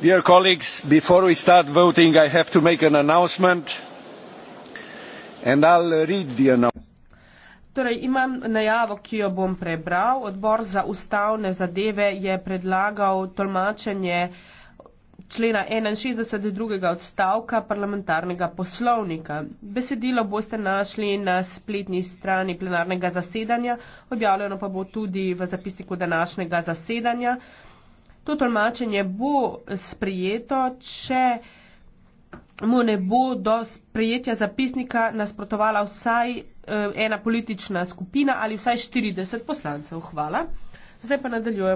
Dear colleagues, before we start voting, I have to make an announcement, and I'll read the annou- Torej, imam najavo, ki jo bom prebral. Odbor za ustavne zadeve je predlagal tolmačenje člena 61. drugega odstavka parlamentarnega poslovnika. Besedilo boste našli na spletni strani plenarnega zasedanja, objavljeno pa bo tudi v zapisniku današnjega zasedanja to tolmačenje bo sprijeto, če mu ne bo do sprijetja zapisnika nasprotovala vsaj eh, ena politična skupina ali vsaj 40 poslancev. Hvala. Zdaj pa nadaljujem.